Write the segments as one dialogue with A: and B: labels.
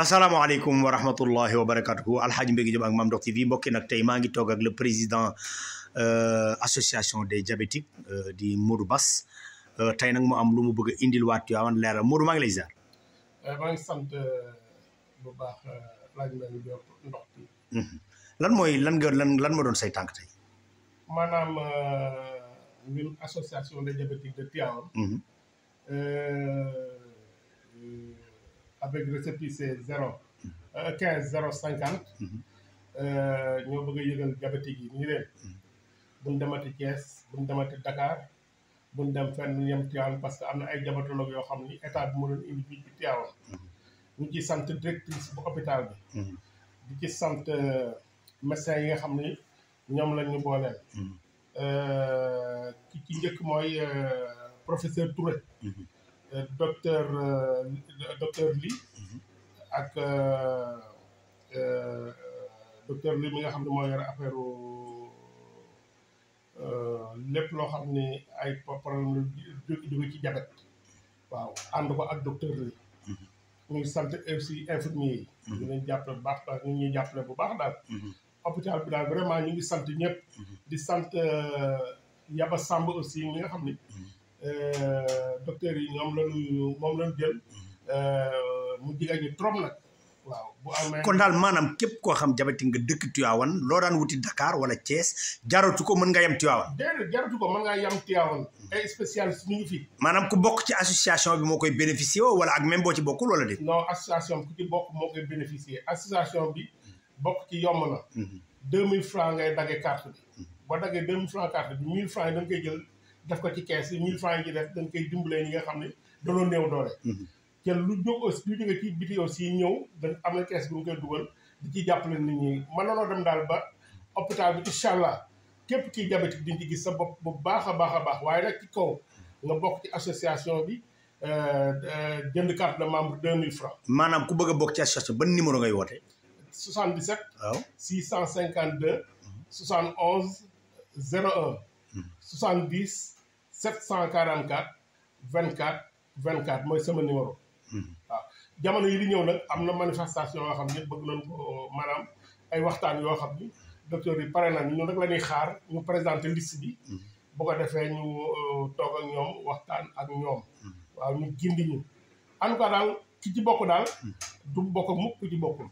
A: asalaamaaleykum wa rahmatullahi wa barakatuhu alxaaji mbégi jëm ak Mame Ndokh TV mbokki nag tey maa ngi toog ak le président euh, association des diabétiques euh, di Modou Bass euh, tey nag mu am lu mu bëgg a indil waat Tiwaawan leeral Modou maa ngi lay mhm. lan mooy lan nga ma doon say tànk tey
B: avec récépissé zéro euh, quinze zéro cinquante euh, ñoo bëgg a yëgal diabétique yi ñu leen buñ demati Thiès buñ demati Dakar buñ dem fenn yem Tivaouane parce que am na ay diabétologue yoo xam ni état bi mu doon indi fii ci Tivaouane ci sant directrice bu hôpital bi di ci sant euh, médecins yi nga xam ni ñoom lañu ñu booleel ki ci njëkk mooy professeur Touré docteur docteur Ly ak docteur Ly mi nga xam ne moo yore affaire lépp loo xam ne ay problème jóge ci jabet waaw ànd ko ak docteur Ly ñu ngi sant aussi infirmier yi ñu leen jàppale bu baax daal ñu ngi ñuy bu baax daal hôpital bi daal vraiment ñu ngi sant ñëpp di sant Yaba Samb aussi mi nga xam ne Euh, docteurs yi ñoom la ñu moom la ñu jël euh, mu jigéen ñi trop nag waaw bu amee. kon daal maanaam
A: képp koo xam jabati nga dëkk Tivaouane loo daan wuti Dakar wala Thiès jaratu ko mën nga yem Tivaouane.
B: déedéet jaratu ko mën ngaa yem Tivaouane. ay spécialistes ñu
A: maanaam ku bokk ci association bi moo koy bénéficier woo wala ak même boo ci bokkul wala déet. non association
B: ku ci bokk moo koy bénéficier association bi bokk ci yomb na. 2000 mhm. francs ngay mhm. daggee 2000 bi da nga def ko ci kees yi mille francs yi ci def dañ koy dimbalee ñi nga xam ne daloo néew doole mhm. te lu jóg aussi lu jóge ci biti aussi ñëw dañ am na kees bu ñu koy dugal di ci jàppale ni ñi mën na loo dem daal ba hôpital bi incha allah képp kiy diabétique di ci gis sa bopp bu baax a baax a baax waaye nag ci kaw nga bokk ci association bi euh, euh, jënd carte de membre 2000 francs
A: maanaam ku bëgg a bokk ci association ban numéro ngay woote
B: 77 waaw 652 71 01 70 744 vingt 24 mooy sama numéro. Hmm. waaw jamono yi di ñëw nag am na manifestation yoo xam ne bëgg nañ ko maanaam ay waxtaan yoo xam ni docteur yi pare nañ ñun rek la ñuy xaar ñu présenter liste bi. Hmm. bu ko defee ñu euh, toog ak ñoom waxtaan ak ñoom. Hmm. waaw ñu gindi ñu en ki ci bokk daal. du bokk mukk ci bokkul.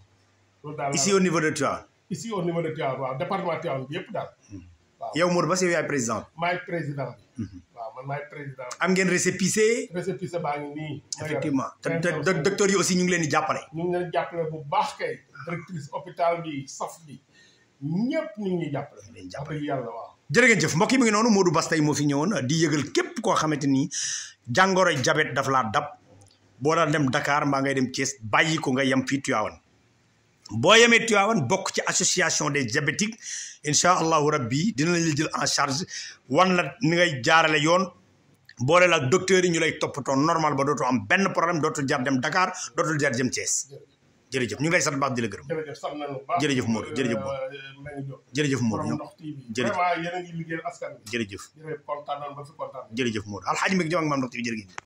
B: loolu daal ici au niveau de Tivaouane. ici au niveau de Tivaouane waaw département Tivaouane bi yëpp daal.
A: yow Modou Bass yow yaay président.
B: maay président. Mhm. waaw man maay président.
A: am ngeen récépissé.
B: effectivement te te docteur
A: yi aussi ñu ngi leen di jàppale.
B: ñu ngi bu baax kay. bi saf bi
A: ñëpp ñu ngi jàppale. ñu ngi leen jàppale yàlla waaw. jërë ngeen mi ngi noonu Modou Bass tey moo fi ñëwoon a di yëgal képp koo xamante ni jàngoro jabet daf laa dab boo daan dem Dakar mbaa ngay dem Thiès bàyyi ko nga yem fii Tivaouane boo yemee Tivaouane bokk ci association des diabétiques incha allahu rabbi dina la jël en charge wan la ni ngay jaarale yoon boole la ak yi ñu lay toppatoo normal ba dootu am benn problème dootu jar dem Dakar dootul jar jëm Thiès jërëjëf ñu ngi lay sant baax di la gërëm
B: jërëjëf Modou jërëjëf Modou
A: jërëjëf Modou euh, euh, jërëjëf
B: jërëjëf jërëjëf Modou
A: alxaaji mi ngi jëm ak maam ndox ti bi